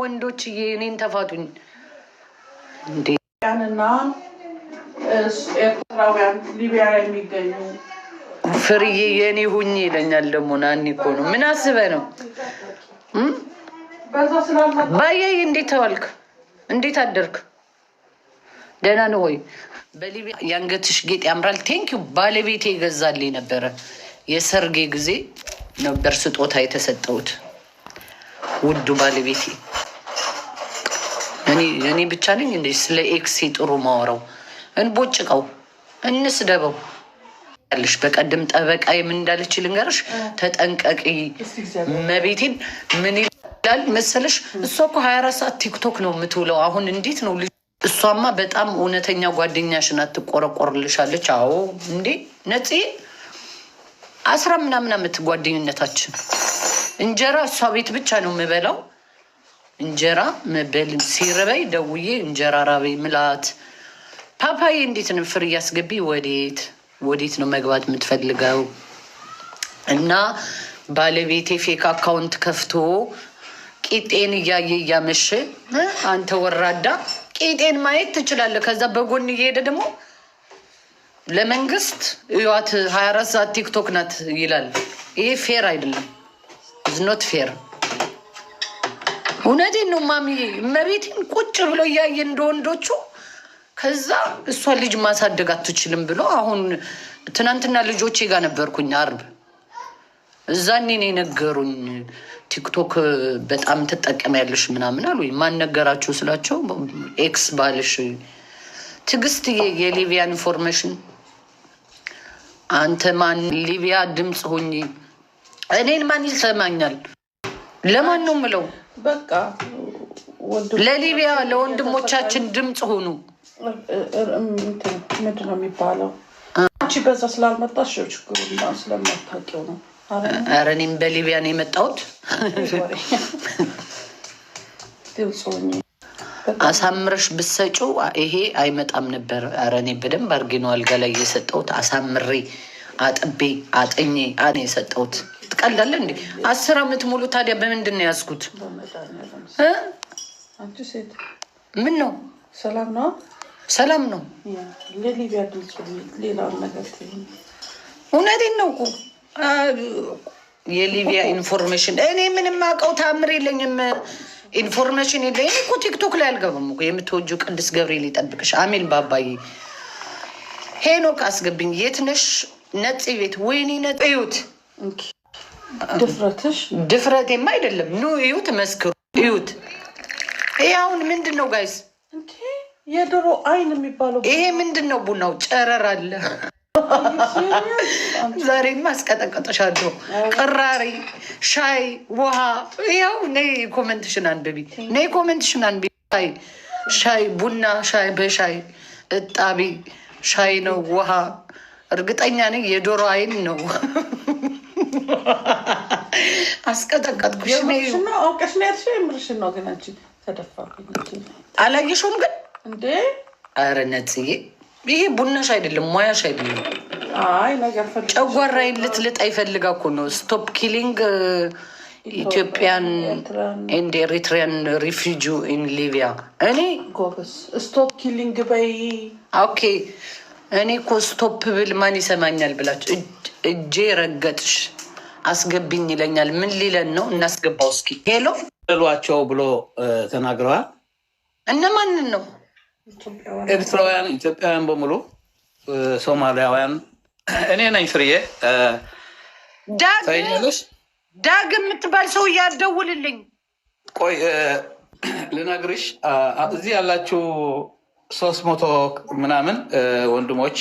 ወንዶች እኔን ተፋቱኝ እንዴና ኤርትራውያን ሊቢያ የሚገኙ ፍርዬ የኔ ሁኝ ይለኛል። ደግሞ ናኒ እኮ ነው። ምን አስበህ ነው? ባያይ እንዴት ተዋልክ? እንዴት አደርክ? ደህና ነው ወይ? በሊቢያ የአንገትሽ ጌጥ ያምራል። ቴንኪዩ። ባለቤቴ ይገዛልኝ ነበረ። የሰርጌ ጊዜ ነበር ስጦታ የተሰጠሁት ውዱ ባለቤቴ እኔ ብቻ ነኝ እንደ ስለ ኤክስ ጥሩ ማወራው። እንቦጭቀው እንስደበው ያለሽ በቀደም ጠበቃ ምን እንዳለች ልንገርሽ፣ ተጠንቀቂ መቤቴን። ምን ይላል መሰለሽ? እሷ እኮ ሀያ አራት ሰዓት ቲክቶክ ነው የምትውለው። አሁን እንዴት ነው እሷማ? በጣም እውነተኛ ጓደኛሽን አትቆረቆርልሻለች። አዎ እንዴ ነጽ አስራ ምናምን አመት ጓደኝነታችን እንጀራ እሷ ቤት ብቻ ነው የምበላው እንጀራ መበል ሲርበይ ደውዬ እንጀራ ራበይ ምላት ፓፓዬ እንዴት ነው ፍር እያስገቢ ወዴት ወዴት ነው መግባት የምትፈልገው? እና ባለቤቴ ፌክ አካውንት ከፍቶ ቂጤን እያየ እያመሸ አንተ ወራዳ ቂጤን ማየት ትችላለህ። ከዛ በጎን እየሄደ ደግሞ ለመንግስት እዋት 24 ሰዓት ቲክቶክ ናት ይላል። ይሄ ፌር አይደለም፣ ኢዝ ኖት ፌር እውነቴን ነው ማሚ፣ መሬቴን ቁጭ ብሎ እያየ እንደ ወንዶቹ። ከዛ እሷ ልጅ ማሳደግ አትችልም ብሎ አሁን ትናንትና ልጆቼ ጋር ነበርኩኝ አርብ። እዛ እኔን የነገሩኝ ቲክቶክ በጣም ትጠቀሚያለሽ ምናምን አሉ። ማን ነገራችሁ ስላቸው ኤክስ ባልሽ ትግስት የሊቢያ ኢንፎርሜሽን አንተ ማን ሊቢያ ድምፅ ሆኜ እኔን ማን ይሰማኛል? ለማን ነው ምለው? በቃ ለሊቢያ ለወንድሞቻችን ድምፅ ሆኑ። ምንድን ነው የሚባለው? አንቺ በዛ ስላልመጣሽ ችግሩ ስለማታውቂው ነው። ኧረ እኔም በሊቢያ ነው የመጣሁት። አሳምረሽ ብሰጩ ይሄ አይመጣም ነበር። ኧረ እኔ በደንብ አድርጌ ነው አልጋ ላይ የሰጠሁት። አሳምሬ አጥቤ አጥኜ የሰጠሁት ትቀላለ እንዴ? አስር አመት ሙሉ ታዲያ በምንድን ነው ያዝኩት? ምን ነው ሰላም ነው ሰላም ነው። እውነቴን ነው እኮ የሊቢያ ኢንፎርሜሽን እኔ ምንም አውቀው ታምር የለኝም። ኢንፎርሜሽን የለኝ እኮ ቲክቶክ ላይ አልገባም እኮ የምትወጂው ቅዱስ ገብርኤል ይጠብቅሽ። አሜን ባባዬ። ሄኖክ አስገብኝ። የት ነሽ? ነጽ ቤት። ወይኔ ነጽ እዩት። ድፍረትሽ ድፍረቴማ አይደለም። ኑ እዩት፣ መስክሩ፣ እዩት። ይሄ አሁን ምንድን ነው ጋይስ? የዶሮ አይን የሚባለው ይሄ ምንድን ነው? ቡናው ጨረር አለ። ዛሬማ አስቀጠቀጥሻለሁ። ቅራሪ፣ ሻይ፣ ውሃ ያው ነይ ኮመንትሽን አንብቢ፣ ነይ ኮመንትሽን አንብቢ። ሻይ፣ ቡና፣ ሻይ በሻይ እጣቢ ሻይ ነው ውሃ። እርግጠኛ ነኝ የዶሮ አይን ነው። አስቀጠቀጥኩሽ። አውቀሽ ነው ያልሽው? የምርሽን ነው ግን አንቺ ተደፋብኝ። አላየሽውም ግን እንዴ? ኧረ ነጽዬ፣ ይሄ ቡናሽ አይደለም ሙያሽ አይደለም። ጨጓራዬን ልትልጥ አይፈልጋ እኮ ነው። ስቶፕ ኪሊንግ ኢትዮጵያን ኤንድ ኤሪትሪያን ሪፊጂ ኢን ሊቢያ እኔ ጎበዝ ስቶፕ ኪሊንግ በይ ኦኬ እኔ እኮ ስቶፕ ብል ማን ይሰማኛል ብላችሁ እጄ ረገጥሽ አስገብኝ ይለኛል። ምን ሊለን ነው? እናስገባው እስኪ ሄሎ ብሏቸው ብሎ ተናግረዋል። እነ ማንን ነው? ኤርትራውያን፣ ኢትዮጵያውያን በሙሉ ሶማሊያውያን። እኔ ነኝ ፍርዬ ዳግ የምትባል ሰው እያደውልልኝ ቆይ ልነግርሽ እዚህ ያላችሁ ሶስት መቶ ምናምን ወንድሞች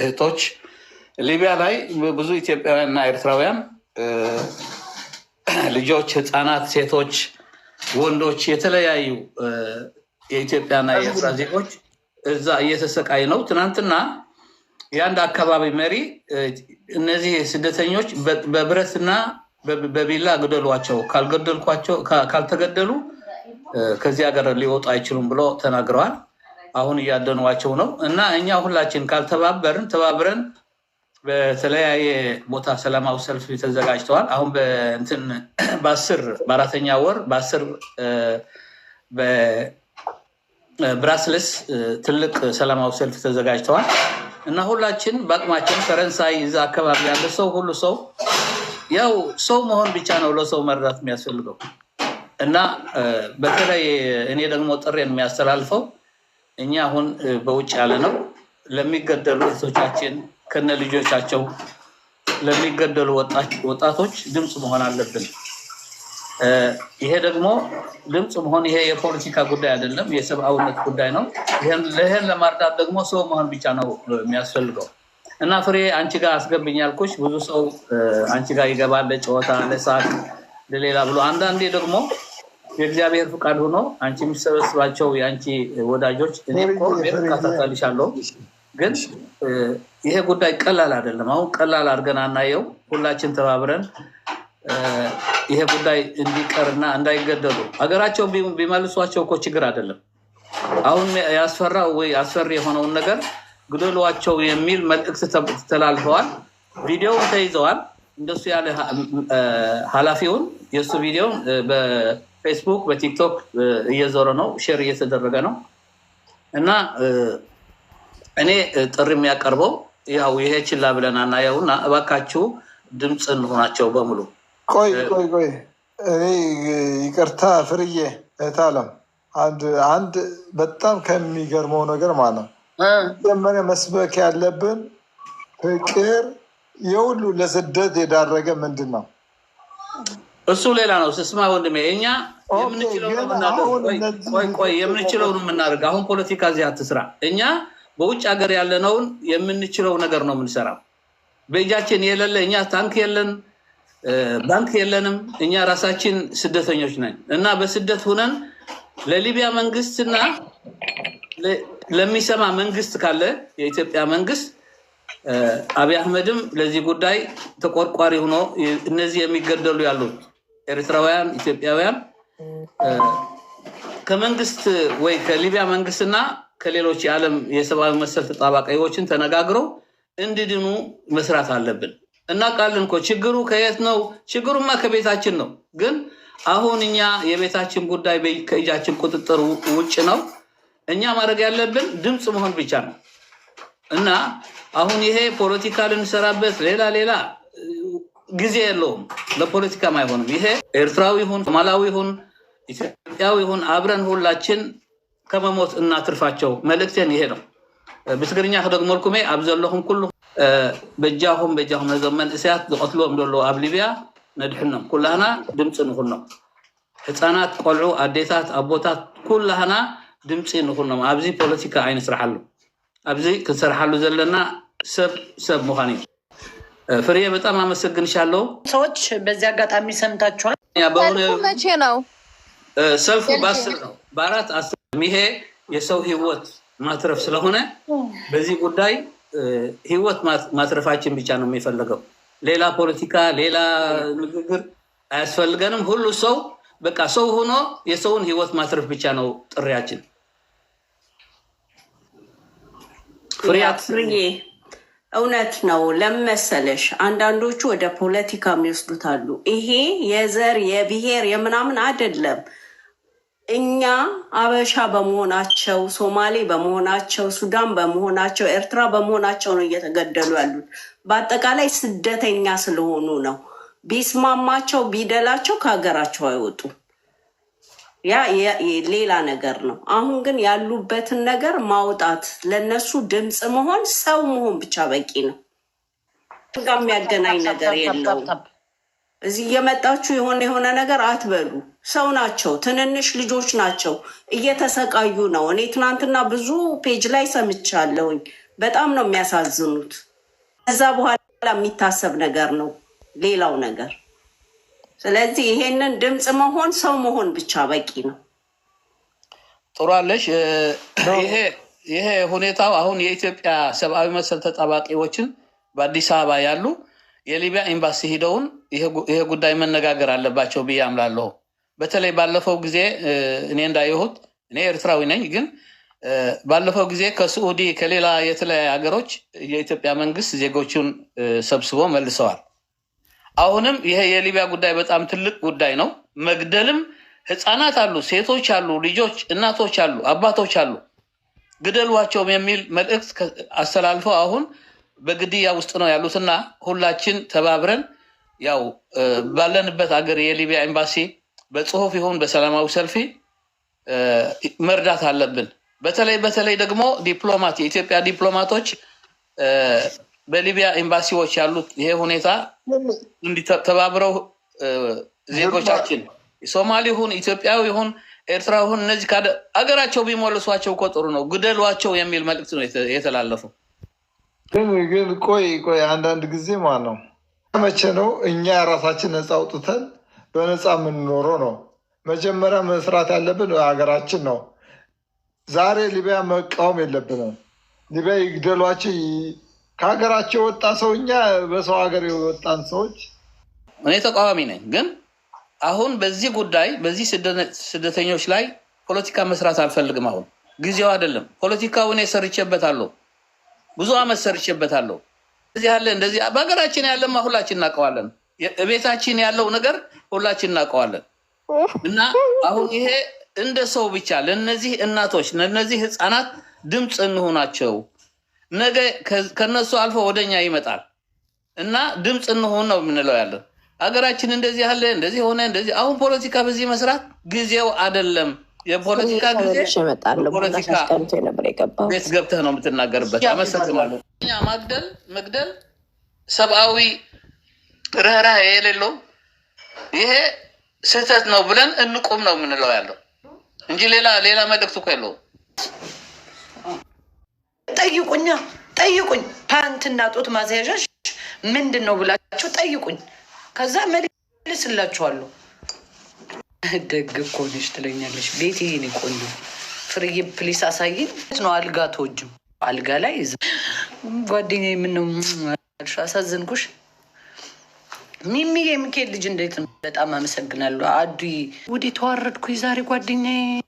እህቶች ሊቢያ ላይ ብዙ ኢትዮጵያውያንና ኤርትራውያን ልጆች፣ ህፃናት፣ ሴቶች፣ ወንዶች የተለያዩ የኢትዮጵያና የኤርትራ ዜጎች እዛ እየተሰቃይ ነው። ትናንትና የአንድ አካባቢ መሪ እነዚህ ስደተኞች በብረትና በቢላ ግደሏቸው፣ ካልገደልኳቸው ካልተገደሉ ከዚህ ሀገር ሊወጡ አይችሉም ብሎ ተናግረዋል። አሁን እያደኗቸው ነው እና እኛ ሁላችን ካልተባበርን ተባብረን በተለያየ ቦታ ሰላማዊ ሰልፍ ተዘጋጅተዋል። አሁን በእንትን በአስር በአራተኛ ወር በአስር በብራስልስ ትልቅ ሰላማዊ ሰልፍ ተዘጋጅተዋል እና ሁላችን በአቅማችን ፈረንሳይ እዛ አካባቢ ያለ ሰው ሁሉ ሰው ያው ሰው መሆን ብቻ ነው ለሰው መርዳት የሚያስፈልገው እና በተለይ እኔ ደግሞ ጥሬን የሚያስተላልፈው እኛ አሁን በውጭ ያለ ነው ለሚገደሉ እህቶቻችን ከነ ልጆቻቸው ለሚገደሉ ወጣቶች ድምፅ መሆን አለብን። ይሄ ደግሞ ድምፅ መሆን ይሄ የፖለቲካ ጉዳይ አይደለም፣ የሰብአዊነት ጉዳይ ነው። ይህን ለማርዳት ደግሞ ሰው መሆን ብቻ ነው የሚያስፈልገው። እና ፍሬ አንቺ ጋር አስገብኝ ያልኩሽ ብዙ ሰው አንቺ ጋር ይገባል ለጨዋታ ለሳቅ ለሌላ ብሎ አንዳንዴ ደግሞ የእግዚአብሔር ፍቃድ ሆኖ አንቺ የሚሰበስባቸው የአንቺ ወዳጆች እኔ ካታታልሻለሁ። ግን ይሄ ጉዳይ ቀላል አይደለም። አሁን ቀላል አድርገን አናየው። ሁላችን ተባብረን ይሄ ጉዳይ እንዲቀርና እንዳይገደሉ ሀገራቸው ቢመልሷቸው እኮ ችግር አይደለም። አሁን ያስፈራው ወይ አስፈሪ የሆነውን ነገር ግደሏቸው የሚል መልእክት ተላልፈዋል። ቪዲዮውን ተይዘዋል። እንደሱ ያለ ኃላፊውን የእሱ ቪዲዮን ፌስቡክ በቲክቶክ እየዞረ ነው፣ ሼር እየተደረገ ነው። እና እኔ ጥሪ የሚያቀርበው ያው ይሄ ችላ ብለን እና እባካችሁ ድምፅ እንሆናቸው በሙሉ። ቆይ ቆይ ቆይ እኔ ይቅርታ ፍርዬ እህታለም አንድ አንድ በጣም ከሚገርመው ነገር ማለት ነው መጀመሪያ መስበክ ያለብን ፍቅር የሁሉ ለስደት የዳረገ ምንድን ነው እሱ ሌላ ነው። ስስማ ወንድሜ፣ እኛ የምንችለው ነው የምናደርግ። አሁን ፖለቲካ እዚህ አትስራ። እኛ በውጭ ሀገር ያለነውን የምንችለው ነገር ነው የምንሰራው። በእጃችን የሌለ እኛ ታንክ የለን፣ ባንክ የለንም። እኛ ራሳችን ስደተኞች ነን እና በስደት ሁነን ለሊቢያ መንግስትና ለሚሰማ መንግስት ካለ የኢትዮጵያ መንግስት አብይ አህመድም ለዚህ ጉዳይ ተቆርቋሪ ሆኖ እነዚህ የሚገደሉ ያሉት ኤርትራውያን፣ ኢትዮጵያውያን ከመንግስት ወይ ከሊቢያ መንግስትና ከሌሎች የዓለም የሰብአዊ መሰል ተጣባቂዎችን ተነጋግረው እንዲድኑ መስራት አለብን። እናውቃለን እኮ ችግሩ ከየት ነው? ችግሩማ ከቤታችን ነው። ግን አሁን እኛ የቤታችን ጉዳይ ከእጃችን ቁጥጥር ውጭ ነው። እኛ ማድረግ ያለብን ድምፅ መሆን ብቻ ነው እና አሁን ይሄ ፖለቲካ ልንሰራበት ሌላ ሌላ ጊዜ የለውም። ለፖለቲካም አይሆንም። ይሄ ኤርትራዊ ይሁን ሶማላዊ ይሁን ኢትዮጵያዊ ይሁን አብረን ሁላችን ከመሞት እናትርፋቸው። መልእክቴን ይሄ ነው። ብትግርኛ ክደግሞ ኣብ ዘለኹም ኩሉ በጃኹም በጃኹም ነዞም መንእሰያት ዝቐትልዎም ዘለዎ ኣብ ሊብያ ነድሕኖም ኩላህና ድምፂ ንኩኖም ህፃናት፣ ቆልዑ፣ ኣዴታት፣ ኣቦታት ኩላህና ድምፂ ንኩኖም። ኣብዚ ፖለቲካ ዓይነ ኣብዚ ክንሰርሓሉ ዘለና ሰብ ሰብ ምዃን እዩ። ፍሬ በጣም አመሰግንሻለሁ። ሰዎች በዚህ አጋጣሚ ሰምታችኋል። መቼ ነው ሰልፉ? በአስር ነው በአራት አስር ይሄ የሰው ህይወት ማትረፍ ስለሆነ በዚህ ጉዳይ ህይወት ማትረፋችን ብቻ ነው የሚፈለገው። ሌላ ፖለቲካ፣ ሌላ ንግግር አያስፈልገንም። ሁሉ ሰው በቃ ሰው ሆኖ የሰውን ህይወት ማትረፍ ብቻ ነው ጥሪያችን። ፍሬ እውነት ነው። ለመሰለሽ አንዳንዶቹ ወደ ፖለቲካ ይወስዱታሉ ይሄ የዘር የብሄር የምናምን አይደለም። እኛ አበሻ በመሆናቸው ሶማሌ በመሆናቸው ሱዳን በመሆናቸው ኤርትራ በመሆናቸው ነው እየተገደሉ ያሉት። በአጠቃላይ ስደተኛ ስለሆኑ ነው። ቢስማማቸው ቢደላቸው ከሀገራቸው አይወጡም። ያ ሌላ ነገር ነው። አሁን ግን ያሉበትን ነገር ማውጣት ለነሱ ድምፅ መሆን ሰው መሆን ብቻ በቂ ነው። የሚያገናኝ ነገር የለውም። እዚህ እየመጣችሁ የሆነ የሆነ ነገር አትበሉ። ሰው ናቸው፣ ትንንሽ ልጆች ናቸው፣ እየተሰቃዩ ነው። እኔ ትናንትና ብዙ ፔጅ ላይ ሰምቻለሁኝ። በጣም ነው የሚያሳዝኑት። ከዛ በኋላ የሚታሰብ ነገር ነው ሌላው ነገር ስለዚህ ይሄንን ድምፅ መሆን ሰው መሆን ብቻ በቂ ነው። ጥሩ አለሽ። ይሄ ይሄ ሁኔታው አሁን የኢትዮጵያ ሰብአዊ መሰል ተጠባቂዎችን በአዲስ አበባ ያሉ የሊቢያ ኤምባሲ ሂደውን ይሄ ጉዳይ መነጋገር አለባቸው ብዬ አምላለሁ። በተለይ ባለፈው ጊዜ እኔ እንዳየሁት እኔ ኤርትራዊ ነኝ፣ ግን ባለፈው ጊዜ ከስዑዲ ከሌላ የተለያዩ ሀገሮች የኢትዮጵያ መንግስት ዜጎቹን ሰብስቦ መልሰዋል። አሁንም ይሄ የሊቢያ ጉዳይ በጣም ትልቅ ጉዳይ ነው። መግደልም ህፃናት አሉ፣ ሴቶች አሉ፣ ልጆች እናቶች አሉ፣ አባቶች አሉ፣ ግደሏቸውም የሚል መልእክት አስተላልፈው አሁን በግድያ ውስጥ ነው ያሉትና ሁላችን ተባብረን ያው ባለንበት አገር የሊቢያ ኤምባሲ በጽሁፍ ይሁን በሰላማዊ ሰልፊ መርዳት አለብን። በተለይ በተለይ ደግሞ ዲፕሎማት የኢትዮጵያ ዲፕሎማቶች በሊቢያ ኤምባሲዎች ያሉት ይሄ ሁኔታ እንዲተባብረው ዜጎቻችን ሶማሌ ሁን ኢትዮጵያዊ ሁን ኤርትራ ሁን እነዚህ ካደ አገራቸው ቢመልሷቸው እኮ ጥሩ ነው። ግደሏቸው የሚል መልእክት ነው የተላለፈው። ግን ግን ቆይ ቆይ አንዳንድ ጊዜ ማለት ነው መቼ ነው እኛ ራሳችን ነፃ አውጥተን በነፃ የምንኖረው? ነው መጀመሪያ መስራት ያለብን ሀገራችን ነው። ዛሬ ሊቢያ መቃወም የለብንም። ሊቢያ ይግደሏቸው ከሀገራቸው የወጣ ሰው እኛ በሰው ሀገር የወጣን ሰዎች እኔ ተቃዋሚ ነኝ። ግን አሁን በዚህ ጉዳይ በዚህ ስደተኞች ላይ ፖለቲካ መስራት አልፈልግም። አሁን ጊዜው አይደለም። ፖለቲካውን እኔ ብዙ አመት ሰርቼበታለሁ። እዚህ ያለ እንደዚህ በሀገራችን ያለማ ሁላችን እናውቀዋለን። ቤታችን ያለው ነገር ሁላችን እናውቀዋለን። እና አሁን ይሄ እንደ ሰው ብቻ ለነዚህ እናቶች ለነዚህ ህፃናት ድምፅ እንሆናቸው። ነገ ከነሱ አልፎ ወደኛ ይመጣል እና ድምፅ እንሆን ነው የምንለው ያለን አገራችን እንደዚህ ያለ እንደዚህ ሆነ እንደዚህ አሁን ፖለቲካ በዚህ መስራት ጊዜው አይደለም። የፖለቲካ ጊዜ ቤት ገብተህ ነው የምትናገርበት። አመሰግናለሁ። ማግደል መግደል ሰብአዊ ርኅራኄ የሌለው ይሄ ስህተት ነው ብለን እንቁም ነው የምንለው ያለው እንጂ ሌላ ሌላ መልእክት እኮ የለውም። ጠይቁኛ ጠይቁኝ። ፓንትና ጡት ማስያዣሽ ምንድን ነው ብላችሁ ጠይቁኝ። ከዛ መልስላችኋለሁ። ደግ እኮ ነሽ ትለኛለሽ። ቤት ይህን ቆዩ ፍርይ ፕሊስ አሳይኝ ነው አልጋ ተወጅም አልጋ ላይ ጓደኛ የምነው አሳዘንኩሽ ሚሚ የሚካኤል ልጅ እንዴት ነው? በጣም አመሰግናለሁ አዱ ውዴ ተዋረድኩ የዛሬ ጓደኛዬ